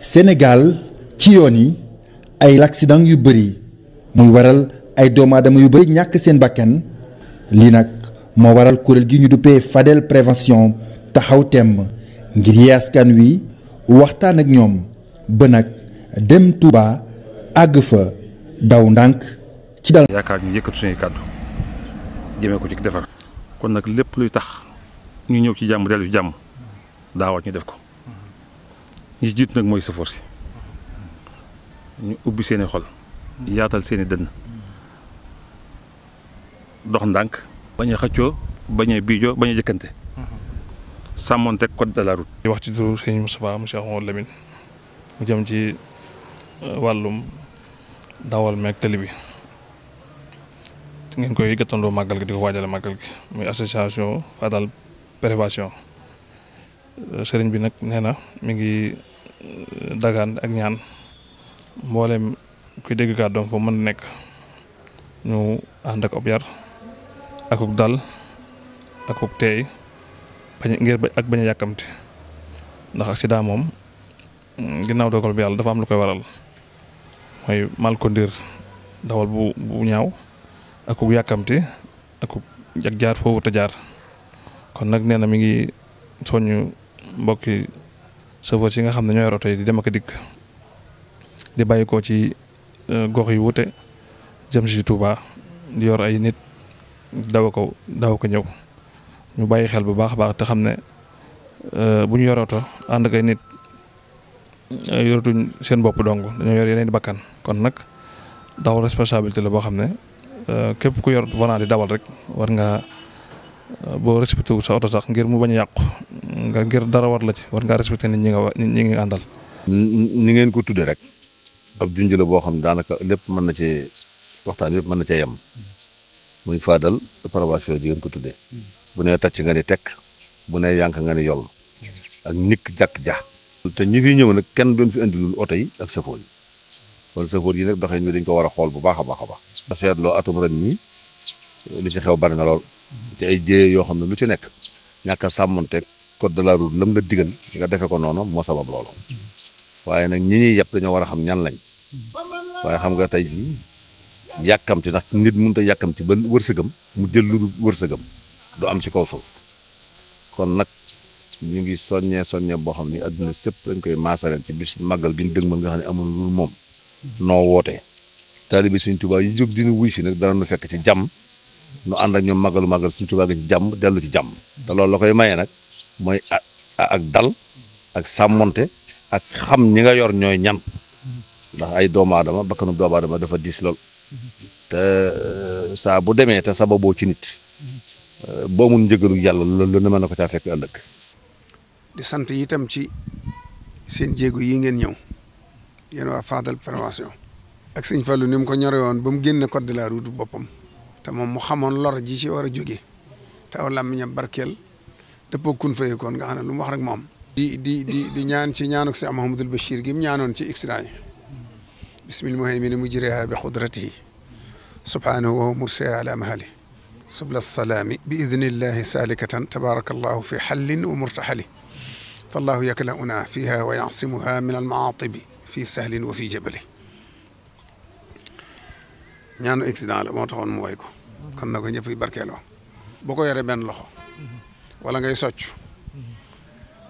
senegal ci yoon yi ay l'accident yu bëri muy waral ay doomaadama yu bëri ñàkk seen bakken lii nag moo waral kuréel gi ñu duppee Fadel prévention taxaw temm ngir yee wi waxtaan ak ñoom ba nag dem Touba àgg fa daw ndànk ci dal yaakaar ñu yëkkatu suñuy kàddu jëmee ko ci defar kon nag lépp luy tax ñu ñëw ci jàmm dellu jàmm daawaat ñu def ko ñi jiit nag mooy safoor si ñu ubbi seeni xol yaatal seeni dënn dox ndànk bañ xëccoo bañ a biijoo bañ a jëkkante sàmmoonteeg code de la route di wax ci turu sëñ Moustapha mu Cheikh Mouhamed Lamine mu jëm ci euh, wàllum dawal meeg tëli bi ngeen koy gëttandoo màggal gi di ko waajale màggal gi muy association Fadal prévation euh, sëriñ bi nag nee na mi ngi euh, dagaan ak ñaan mboolem kuy dégg kàddoom foo mën nekk ñu ànd ak ob yar akuk dal akuk teey bañ ngir ak bañ yàkkamti ndax accident moom mm, ginnaaw dogal bi yàlla dafa am lu koy waral mooy mal conduire dawal bu bu ñaaw akuk yàkkamti akuk ak jaar foofu te jaar kon nag nee na mi ngi soññ mbokki chauffeur yi nga xam ne ñooy roto yi di dem ak dikk di bàyyi ci e, gox yu wute jëm si Touba di yor ay nit daw ko daw ko ñëw ñu bàyyi xel bu baax a baax te xam ne e, bu ñu yorooto ànd ak ay nit e, yoratuñ seen bopp dong dañoo yor yeneen bakkan kon nag daw responsabilité la boo xam ne Euh, képp ku yor volant di dawal rek war nga euh, boo respecté wu sa oto sax ngir mu bañ a yàqu nga ngir dara war la ci war ngaa respecté nit ñi nga wa ñi ngi àndal. ni ngeen ko tuddee rek ab junj boo xam ne daanaka lépp mën na cee waxtaan lépp mën na cee yem muy faadal prévention ji ngeen ko tuddee bu nee tàcc nga ni tekk bu ne yànk nga ni yol ak nikk jàkk ja te ñi fi ñëw nag kenn doon fi indi lul oto yi ak safoo kon sëfoor yi nag doxin bi dañ ko war a xool bu baax a baax a baax ba seetloo atum ren nii lu ci xew bari na lool te ay yoo xam ne lu ci nekk ñàkk a sàmmonteeg code de lam la digal nga defe ko noonu moo sabab loolu waaye nag ñi ñuy yàpp dañoo war a xam ñan lañ waaye xam nga tey jii yàkkamti ndax nit mënut a yàkkamti ba wërsëgam mu jël lu wërsëgam du am ci kaw suuf kon nag ñu ngi soññee soññee boo xam ni adduna sëpp dañ koy maasaleen ci bis màggal gi ñu dëgmal nga xam ne amul lu moom noo wootee taalibe Sëriñ Tuubaa yi jóg dina wuy si nag dana nu fekk ci jàmm nu ànd ak ñoom màggalu màggal Sëriñ Tuubaa gi jàmm dellu ci jàmm te loolu la koy maye nag mooy ak dal ak sàmmonte ak xam ñi nga yor ñooy ñan ndax ay doomu aadama bakkanu doomu aadama dafa diis lool te euh, saa bu demee te sababoo ci nit euh, boo mun njëgalu yàlla loolu la mën na ko caa fekk ëllëg di sant itam ci seen jéego yi ngeen ñëw yéen waa Fadal prévention ak sëñ Fallou ni mu ko ñore woon ba mu génne code de la route boppam te moom mu xamoon lor ji ci war a jóge te aw làmmiñam barkeel dëppoo kun fayekoon nga xam ne lu mu wax rek moom di di di di ñaan ci ñaanuk si Mahamadul Bachir gi mu ñaanoon ci extra yi bismil muhaymini mujriha bi xudratihi subhanahu wa mursiha ala subla salaami bi idnillahi salikatan tabaraka allahu fi xallin wa murtaxali fa allahu yakla una fiha wa yasimuha min almaatibi fii sahlin wa fii jabali ñaanu accident la moo taxoon mu ko kon na ko ñëpp yi barkeeloo boo ko yoree benn loxo wala ngay socc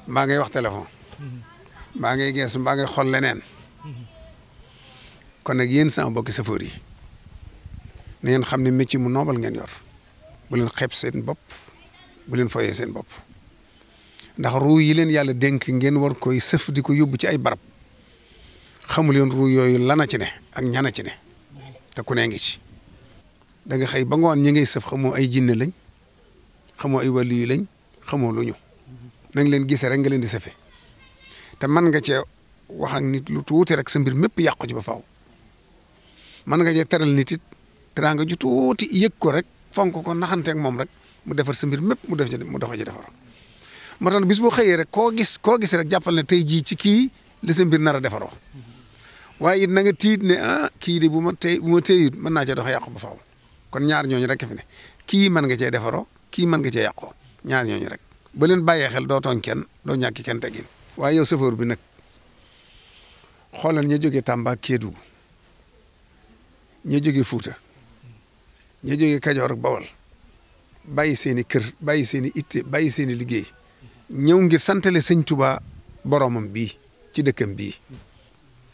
mbaa ngay wax téléphone mbaa ngay geesu mbaa ngay xool leneen kon nag yéen sama bokki safoor yi na xam ne métier mu noobal ngeen yor bu leen seen bopp bu leen foyee seen bopp ndaxa ruu yi leen yàlla dénk ngeen war koy sëf di ko yóbbu ci ay barab xamu leen ruu yooyu lana ci ne ak ñana ci ne te ku nee ngi ci da xëy ba ngoon ñi ngay sëf xamoo ay jinne lañ xamoo ay wàllu yu lañ xamoo lu ñu na leen gisee rek nga leen di sëfe te mën nga cee wax nit lu tuuti rek sa mépp yàqu ci ba faw mën nga cee teral nit it nga ju tuuti yég ko rek fonk ko naxanteeg moom rek mu defar sa mbir mépp mu def ci mu dox ci defar moo tax bis boo xëyee rek koo gis koo gis rek jàppal ne tey jii ci kii li sa mbir nar a defaroo waaye it na tiit ne ah kii de bu ma tey ma téyut mën naa cee dox yàqu ba faaw kon ñaar ñooñu rek fi kii mën nga cee defaroo kii mën nga cee yàqoo ñaar ñooñu rek ba leen bàyyee xel doo tooñ kenn doo ñàkk kenn teggin waaye yow chauffeur bi nag xoolal ña jógee Tamba Kédougou ña jógee Fuuta ña jógee Kajoor ak Bawol bàyyi seen i kër bàyyi seen i itte bàyyi seen i liggéey ñëw ngir santale sëñ Tuubaa boromam bii ci dëkkam bii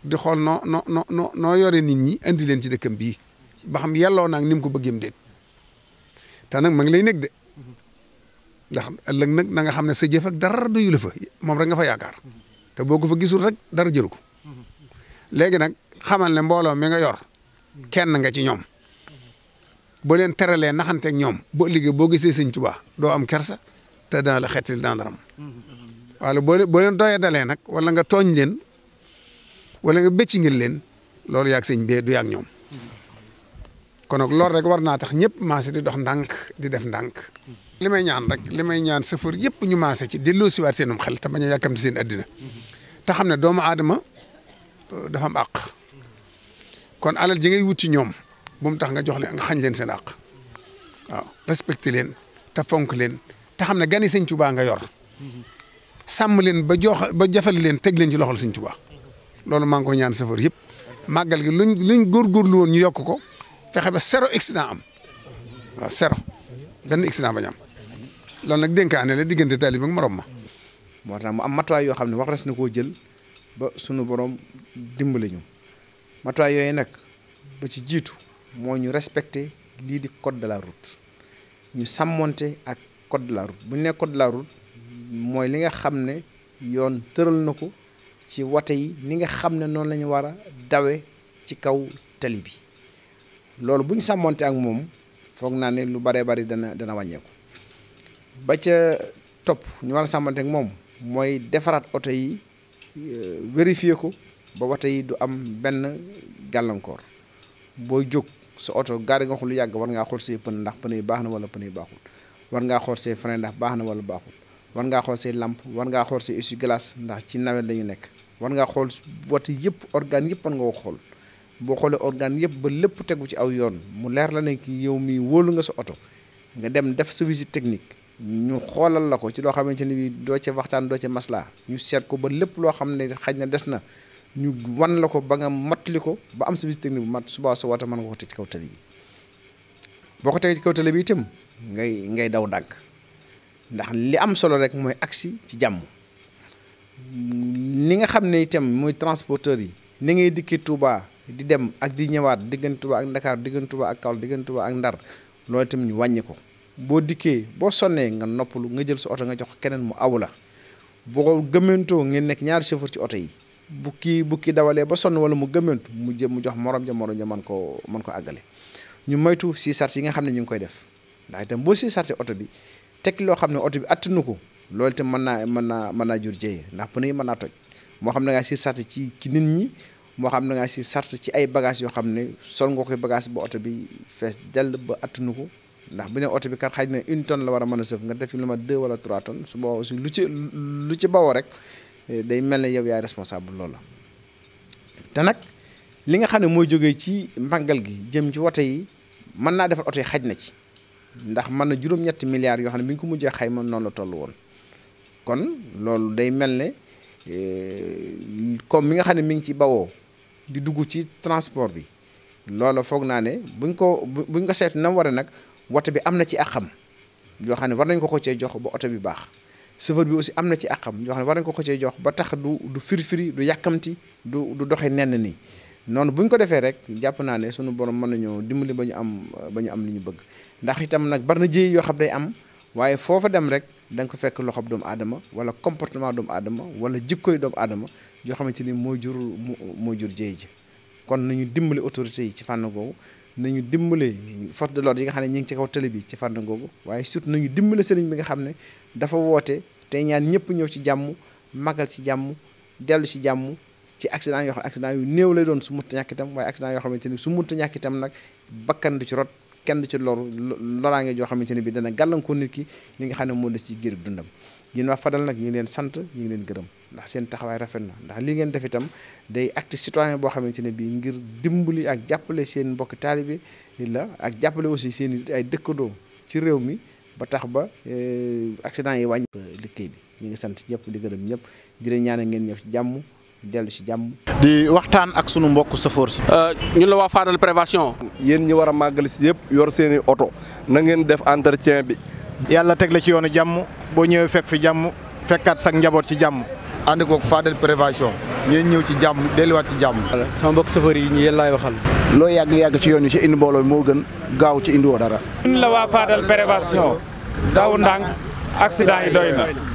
di xool noo no no noo yore nit ñi indi leen ci dëkkam bii ba xam yelloo naag ni mu ko bëggeem déet te nag ma ngi lay nekk de ndax ëllëg nag na nga xam ne sa jëf dara doyu la fa moom rek nga fa yaakaar te boo ko fa gisul rek dara jëru ko léegi nag xamal ne mbooloo mi nga yor kenn nga ci ñoom boo leen teralee naxanteeg ñoom boo liggéey boo gisee sëñ Tuubaa doo am kersa te dana la xettil dana la ram mm-hmm. wala boo boo leen doyee dalee nag wala nga tooñ leen wala nga bëcc ngil leen loolu yaag sëñ bee du yaag ñoom kon nag loolu rek war naa tax ñëpp maase di dox ndànk di def ndànk li may ñaan rek li may ñaan sëfër yëpp ñu maase ci delloo siwaat seenum xel te bañ a yàkkamti seen addina te xam ne doomu aadama euh, dafa am kon alal ji ngay wut ci ñoom bu mu tax nga jox leen nga xañ leen seen àq waaw respecté leen te fonk leen te xam ne gani sëñ Tuubaa nga yor sàmm leen ba jox ba jafal leen teg leen ci loxol sëñ Tuubaa loolu maa ngi ko ñaan safar yëpp màggal gi luñ luñ góorgóorlu woon ñu yokk ko fexe ba zéro accident am waaw zéro benn accident bañ am loolu nag denka dénkaane la diggante taalibe ak morom ma. moo tax mu am matuwaay yoo xam ne wax res na koo jël ba sunu borom dimbali ñu matuwaay yooyu nag ba ci jiitu moo ñu respecté lii di code de la route ñu sàmmoonte ak code de la route bu ñu nee code mooy li nga xam ne yoon tëral na ko. ci wate yi ni nga xam ne noonu lañu ñu war a dawe ci kaw tali bi loolu bu ñu sàmmonte ak moom foog naa ne lu baree bari dana dana wàññeeku ba ca topp ñu war a sàmmonte ak moom mooy defaraat oto yi euh, vérifier ko ba wate yi du am benn gàllankoor booy jóg sa oto gaari nga xul lu yàgg war ngaa xool say pneu ndax pneu yu baax na wala pneu yi baaxul war ngaa xool say frein ndax baax na wala baaxul war ngaa xool see lampe war ngaa xool say essuie ndax ci nawet lañu nekk war ngaa xool wati yëpp organe yëpp war nga ko xool boo xoolee organe yëpp ba lépp tegu ci aw yoon mu leer la ne ki yow mi woolu nga sa oto nga dem def sa visite technique ñu xoolal la ko ci loo xamante ni bi doo ca waxtaan doo ca maslaa ñu seet ko ba lépp loo xam ne xaj na des na ñu wan la ko ba nga mottali ko ba am sa visite technique bu mat suba sa wata mën nga ko teg ci kaw tali bi boo ko tegee ci kaw tali bi itam ngay ngay daw dànk ndax li am solo rek mooy agsi ci jàmm ni nga xam ne itam muy transporteur yi ni ngay dikki Touba di dem ak di ñëwaat diggante Touba ak Ndakaar diggante Touba ak Kaolack diggante Touba ak Ndar loolu itam ñu wàññi ko boo dikkee boo sonnee nga noppalu nga jël sa oto nga jox keneen mu aw la boo gëmmantoo ngeen nekk ñaari chauffeur ci oto yi bu kii bu kii dawalee ba sonn wala mu gëmmantu mu jëm mu jox morom ja morom ja man ko ko àggale ñu moytu si sart yi nga xam ne ñu ngi koy def ndax itam boo si sarte oto bi teg loo xam ne oto bi attanu ko loolu te mën naa mën naa mën naa jur jéye ndax pneu yi mën naa toj moo xam ne ngaa si sart ci ci nit ñi moo xam ne ngaa si sart ci ay bagage yoo xam ne sol nga koy bagage ba oto bi fees dell ba attunu ko ndax bu ne oto bi kat xaj na une tonne la war a mën a sëf nga def lu ma deux wala trois tonnes su boobaa aussi lu ci lu ci bawoo rek eh, day mel ne yow yaay responsable loola te nag li nga xam ne mooy jógee ci màggal gi jëm ci wote yi mën naa defar oto yi na ci ndax mën na juróom-ñetti milliards yoo xam ne bi ñu ko mujjee xayma noonu la toll woon kon loolu day mel ne euh, comme mi nga xam ne mi ngi ci bawoo di dugg ci transport bi loola foog naa ne buñ ko buñ ko seet na war nag woto bi am na ci àqam yoo xam ne war nañ ko ko cee jox ba oto bi baax chauffeur bi aussi am na ci àqam yoo war nañ ko ko cee jox ba tax du du firfiri du yàkkamti du du doxe nenn nii noonu bu ñu ko defee rek jàpp naa ne sunu borom mën nañoo dimbali ba ñu am ba ñu am li ñu bëgg ndax itam nag bari na jéey yoo xam day am waaye foofu dem rek. danga ko fekk loxob doomu aadama wala comportement doomu aadama wala jikkoy doomu aadama yoo xamante ni moo jur moo jur jéey ji kon nañu dimbale autorités yi ci fànn googu nañu dimbali force de l'ordre yi nga xam ne ñu ngi ci kaw télé bi ci fànn googu waaye surtout nañu dimbali sëriñ bi nga xam ne dafa woote tey ñaan ñëpp ñëw ci jàmm magal ci jàmm dellu ci jàmm ci accident yoo xam accident yu néew lay doon su munta ñàkk itam waaye accident yoo xamante ni su munta ñàkk itam nag bakkan du ci rot kenn ci lor loraange joo xamante ne bii dana gàllankoor nit ki li nga xam ne moo des ci giir dundam yéen waa Fadal nag ñu ngi leen sant ñu ngi leen gërëm ndax seen taxawaay rafet na ndax li ngeen def itam day acte citoyen boo xamante ne bii ngir dimbali ak jàppale seen mbokk taalibe la ak jàppale aussi seen ay dëkkadoo ci réew mi ba tax ba e, accident yi wàññi liggéey bi ñu ngi sant ñëpp di gërëm ñëpp di leen ngeen ñëw ci jàmm dellu si jàmm. di waxtaan ak sunu mbokk safoor si. Euh, ñun la waa Fadal prévation yéen ñi war a màggal si yëpp yor seen i oto na ngeen def entretien bi. yàlla teg la ci yoonu jàmm boo ñëwee fekk fi jàmm fekkaat sax njaboot ci jàmm. ànd koog Fadal prévention ngeen ñëw ci jàmm delluwaat ci jàmm. sama mbokk safoor yi ñu yéen laay waxal. loo yàgg yàgg ci yoon wi ci indi mbooloo moo gën gaaw ci indiwoo dara. ñun la waa Fadal prévention daw ndànk accident yi doy na.